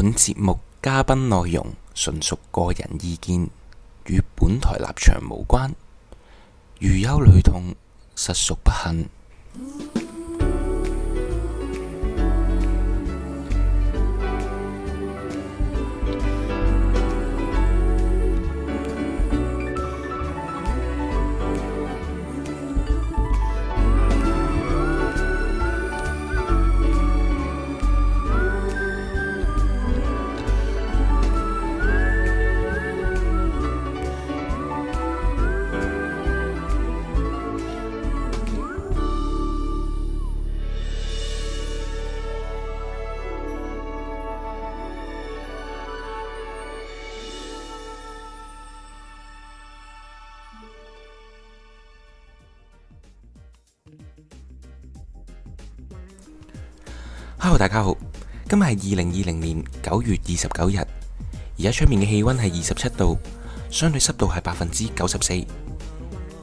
本節目嘉賓內容純屬個人意見，與本台立場無關。如有雷同，實屬不幸。Hello 大家好，今日係二零二零年九月二十九日，而家出面嘅氣溫係二十七度，相對濕度係百分之九十四，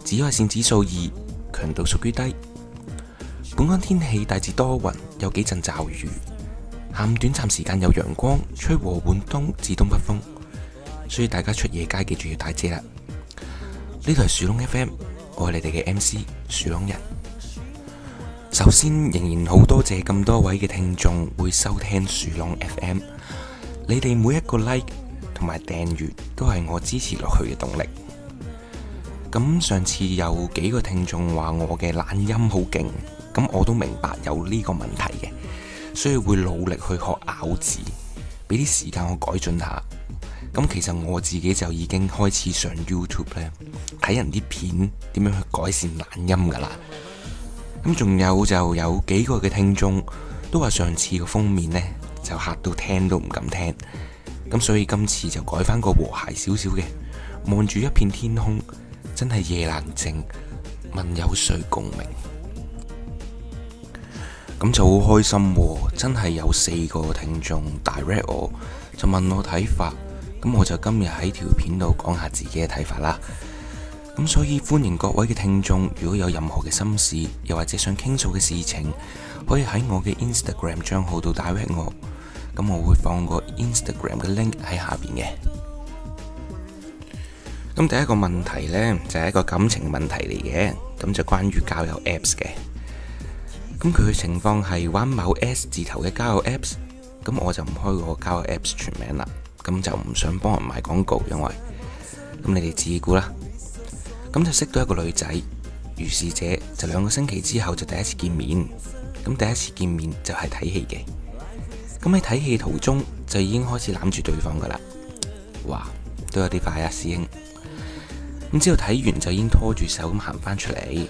紫外線指數二，強度屬於低。本港天氣大致多雲，有幾陣驟雨，下午短暫時間有陽光，吹和緩東至東北風，所以大家出夜街記住要帶遮啦。呢台樹窿 FM，我係你哋嘅 MC 樹窿人。首先，仍然好多謝咁多位嘅聽眾會收聽樹窿 FM，你哋每一個 like 同埋訂閱都係我支持落去嘅動力。咁上次有幾個聽眾話我嘅懶音好勁，咁我都明白有呢個問題嘅，所以會努力去學咬字，俾啲時間我改進下。咁其實我自己就已經開始上 YouTube 咧，睇人啲片點樣去改善懶音㗎喇。咁仲有就有幾個嘅聽眾都話上次個封面呢就嚇到聽都唔敢聽，咁所以今次就改翻個和諧少少嘅，望住一片天空，真係夜闌靜，問有誰共鳴？咁就好開心喎，啊！真係有四個聽眾 direct 我就問我睇法，咁我就今日喺條片度講下自己嘅睇法啦。咁所以歡迎各位嘅聽眾，如果有任何嘅心事，又或者想傾訴嘅事情，可以喺我嘅 Instagram 賬號度打 direct 我，咁我會放個 Instagram 嘅 link 喺下邊嘅。咁第一個問題呢，就係、是、一個感情問題嚟嘅，咁就關於交友 apps 嘅。咁佢嘅情況係玩某 S 字頭嘅交友 apps，咁我就唔開個交友 apps 全名啦，咁就唔想幫人賣廣告，因為咁你哋自己估啦。咁就識到一個女仔，如是者就兩個星期之後就第一次見面，咁第一次見面就係睇戲嘅，咁喺睇戲途中就已經開始攬住對方噶啦，哇，都有啲快啊，師兄，咁之後睇完就已經拖住手咁行翻出嚟，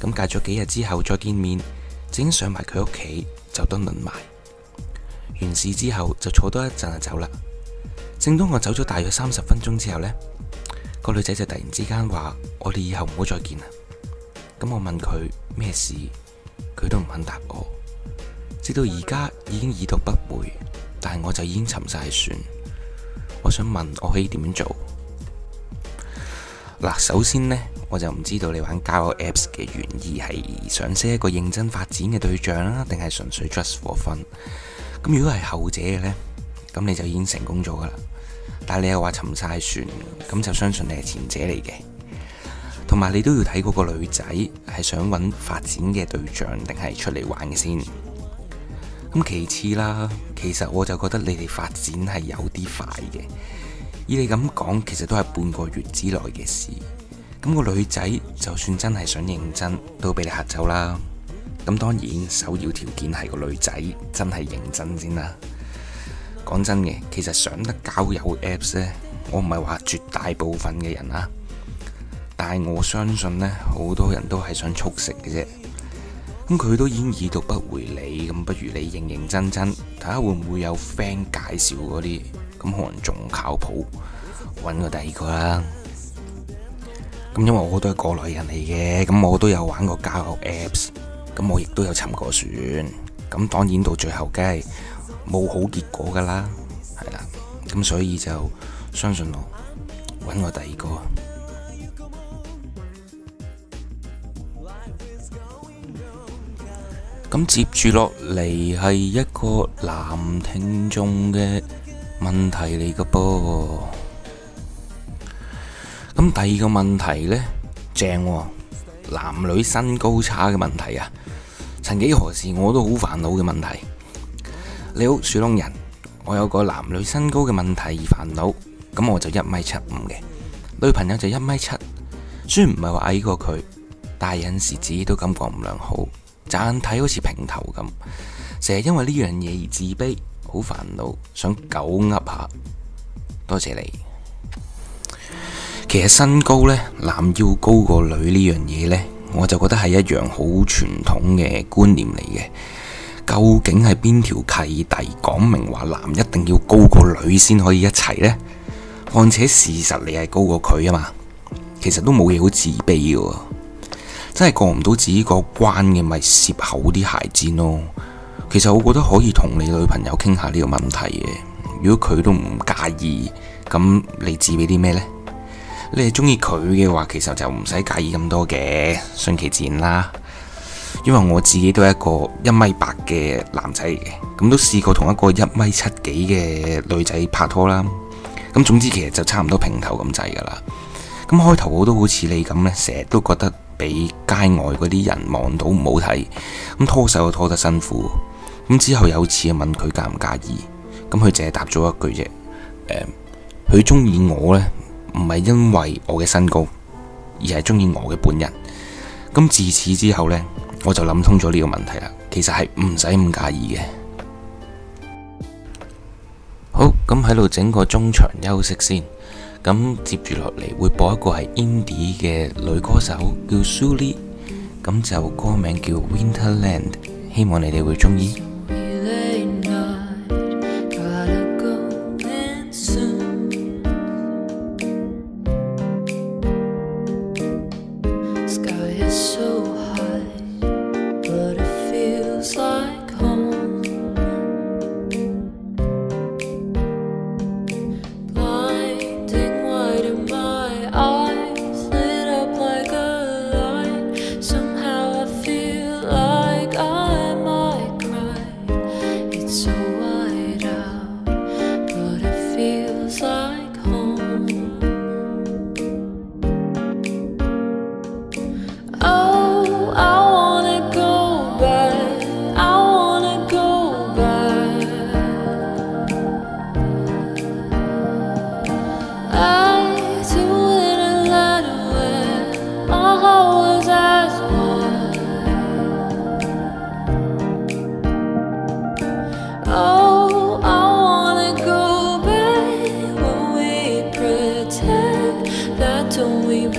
咁隔咗幾日之後再見面，就已經上埋佢屋企就蹲輪埋，完事之後就多坐多一陣就走啦，正當我走咗大約三十分鐘之後呢。個女仔就突然之間話：我哋以後唔好再見啦。咁我問佢咩事，佢都唔肯答我。直到而家已經已讀不回，但係我就已經沉晒船。我想問我可以點樣做？嗱，首先呢，我就唔知道你玩交友 apps 嘅原意係想識一個認真發展嘅對象啦，定係純粹 just for fun？咁如果係後者嘅呢，咁你就已經成功咗噶啦。但你又話沉晒船，咁就相信你係前者嚟嘅，同埋你都要睇嗰個女仔係想揾發展嘅對象，定係出嚟玩嘅先。咁其次啦，其實我就覺得你哋發展係有啲快嘅，以你咁講，其實都係半個月之內嘅事。咁個女仔就算真係想認真，都俾你嚇走啦。咁當然首要條件係個女仔真係認真先啦。講真嘅，其實想得交友 apps 呢，我唔係話絕大部分嘅人啊，但係我相信呢，好多人都係想速成嘅啫。咁佢都已經已讀不回你，咁不如你認認真真睇下會唔會有 friend 介紹嗰啲，咁可能仲靠譜。揾個第二個啦。咁因為我都係過來人嚟嘅，咁我都有玩過交友 apps，咁我亦都有沉過船，咁當然到最後梗係。冇好結果噶啦，係啦，咁所以就相信我，揾我第二個。咁 接住落嚟係一個男聽眾嘅問題嚟噶噃。咁第二個問題呢，正、哦，男女身高差嘅問題啊，曾幾何時我都好煩惱嘅問題。你好，樹窿人，我有個男女身高嘅問題而煩惱，咁我就一米七五嘅，女朋友就一米七，雖然唔係話矮過佢，但係有陣時自己都感覺唔良好，乍眼睇好似平頭咁，成日因為呢樣嘢而自卑，好煩惱，想狗噏下，多謝你。其實身高呢，男要高過女呢樣嘢呢，我就覺得係一樣好傳統嘅觀念嚟嘅。究竟係邊條契弟講明話男一定要高過女先可以一齊呢？況且事實你係高過佢啊嘛，其實都冇嘢好自卑嘅，真係過唔到自己個關嘅咪涉口啲鞋尖咯。其實我覺得可以同你女朋友傾下呢個問題嘅，如果佢都唔介意，咁你自卑啲咩呢？你係中意佢嘅話，其實就唔使介意咁多嘅，順其自然啦。因為我自己都係一個一米八嘅男仔嚟嘅，咁都試過同一個一米七幾嘅女仔拍拖啦，咁總之其實就差唔多平頭咁滯噶啦。咁開頭我都好似你咁呢，成日都覺得俾街外嗰啲人望到唔好睇，咁拖手又拖得辛苦，咁之後有次啊，問佢介唔介意，咁佢淨係答咗一句啫，誒，佢中意我呢，唔係因為我嘅身高，而係中意我嘅本人。咁自此之後呢。我就諗通咗呢個問題啦，其實係唔使咁介意嘅。好，咁喺度整個中場休息先，咁接住落嚟會播一個係 Indie 嘅女歌手叫 Suli，咁就歌名叫 Winterland，希望你哋會中意。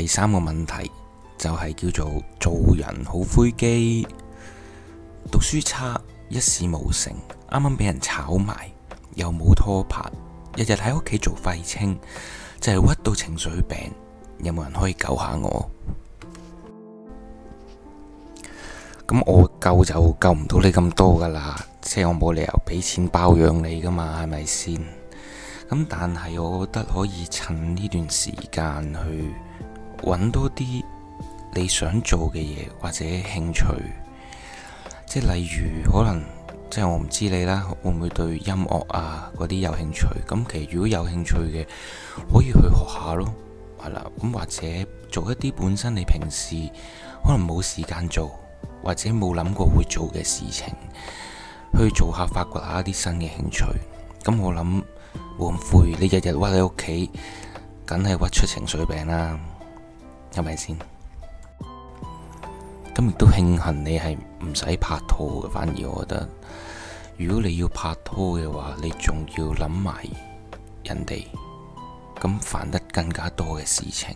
第三個問題就係、是、叫做做人好灰機，讀書差，一事無成，啱啱俾人炒埋，又冇拖拍，日日喺屋企做廢青，就係鬱到情緒病，有冇人可以救下我？咁我救就救唔到你咁多噶啦，即係我冇理由俾錢包養你噶嘛，係咪先？咁但係我覺得可以趁呢段時間去。揾多啲你想做嘅嘢或者興趣，即係例如可能即係我唔知你啦，會唔會對音樂啊嗰啲有興趣？咁其實如果有興趣嘅，可以去學下咯，係啦。咁或者做一啲本身你平時可能冇時間做或者冇諗過會做嘅事情，去做下發掘下啲新嘅興趣。咁我諗，無謂，你日日屈喺屋企，梗係屈出情緒病啦。係咪先？咁亦都慶幸你係唔使拍拖嘅，反而我覺得，如果你要拍拖嘅話，你仲要諗埋人哋，咁煩得更加多嘅事情。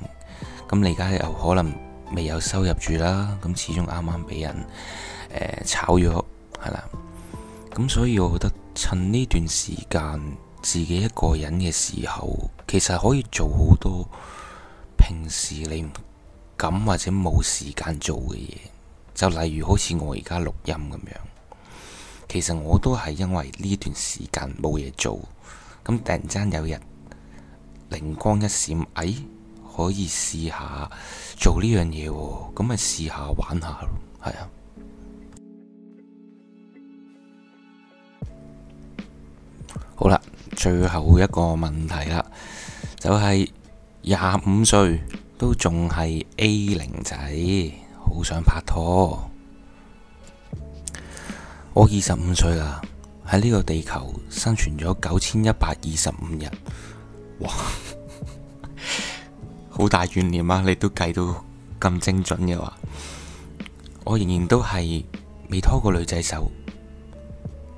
咁你而家又可能未有收入住啦，咁始終啱啱俾人、呃、炒咗，係啦。咁所以我覺得趁呢段時間自己一個人嘅時候，其實可以做好多。平時你唔敢或者冇時間做嘅嘢，就例如好似我而家錄音咁樣，其實我都係因為呢段時間冇嘢做，咁突然間有人靈光一閃，哎，可以試下做呢樣嘢，咁咪試下玩下咯，係啊。好啦，最後一個問題啦，就係、是。廿五歲都仲係 A 零仔，好想拍拖。我二十五歲啦，喺呢個地球生存咗九千一百二十五日，哇，好大怨念啊！你都計到咁精準嘅話，我仍然都係未拖過女仔手，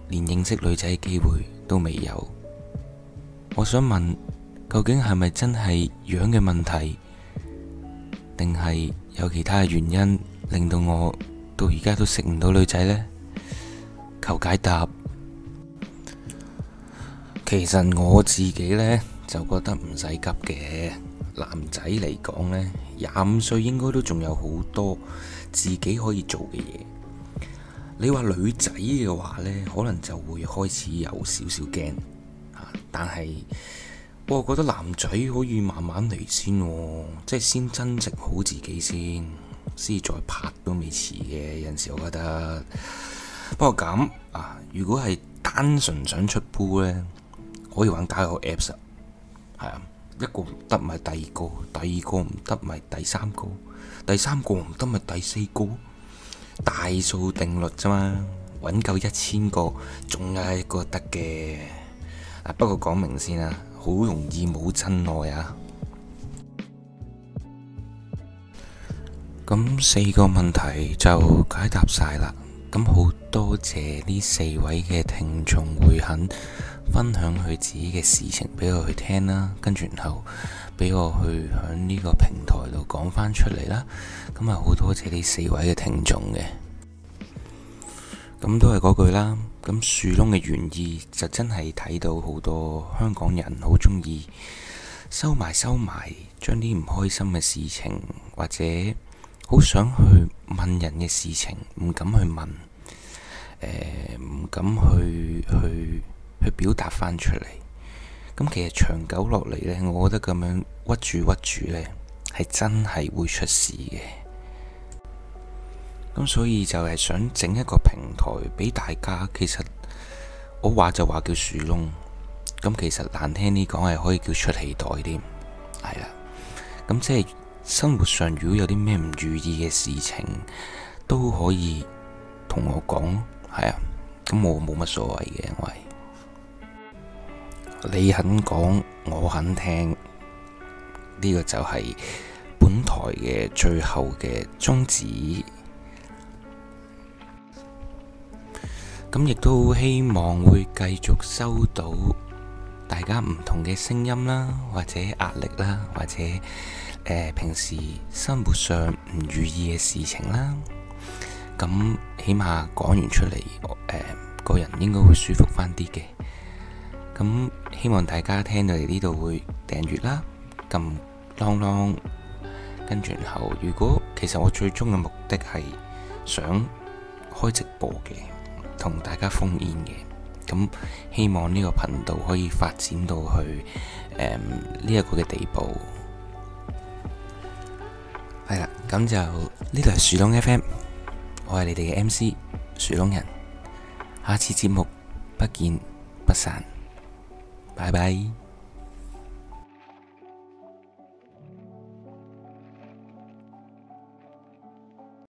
連認識女仔嘅機會都未有。我想問。究竟係咪真係樣嘅問題，定係有其他嘅原因令到我到而家都食唔到女仔呢？求解答。其實我自己呢，就覺得唔使急嘅，男仔嚟講呢，廿五歲應該都仲有好多自己可以做嘅嘢。你話女仔嘅話呢，可能就會開始有少少驚，但係。哦、我覺得男仔可以慢慢嚟先，哦，即係先珍惜好自己先，先再拍都未遲嘅。有陣時我覺得。不過咁啊，如果係單純想出鋪呢，可以玩交友 Apps，係啊，一個唔得咪第二個，第二個唔得咪第三個，第三個唔得咪第四個，大數定律啫嘛，揾夠一千個，仲有一個得嘅。不過講明先啦。好容易冇真愛啊！咁四個問題就解答晒啦。咁好多謝呢四位嘅聽眾會肯分享佢自己嘅事情俾我去聽啦，跟住然後俾我去喺呢個平台度講翻出嚟啦。咁啊，好多謝呢四位嘅聽眾嘅。咁都係嗰句啦，咁樹窿嘅原意就真係睇到好多香港人好鍾意收埋收埋，將啲唔開心嘅事情或者好想去問人嘅事情，唔敢去問，誒、呃，唔敢去去去表達翻出嚟。咁其實長久落嚟咧，我覺得咁樣屈住屈住咧，係真係會出事嘅。咁所以就係想整一個平台俾大家，其實我話就話叫樹窿，咁其實難聽啲講係可以叫出氣袋添，係啦。咁即係生活上如果有啲咩唔如意嘅事情，都可以同我講，係啊。咁我冇乜所謂嘅，因為你肯講，我肯聽，呢個就係本台嘅最後嘅宗旨。咁亦都希望會繼續收到大家唔同嘅聲音啦，或者壓力啦，或者誒平時生活上唔如意嘅事情啦。咁起碼講完出嚟，誒個人應該會舒服翻啲嘅。咁希望大家聽到嚟呢度會訂閱啦，撳啷啷，跟住然後，如果其實我最終嘅目的係想開直播嘅。同大家封煙嘅，咁希望呢個頻道可以發展到去呢一、嗯這個嘅地步，係啦，咁就呢度係樹窿 FM，我係你哋嘅 MC 樹窿人，下次節目不見不散，拜拜。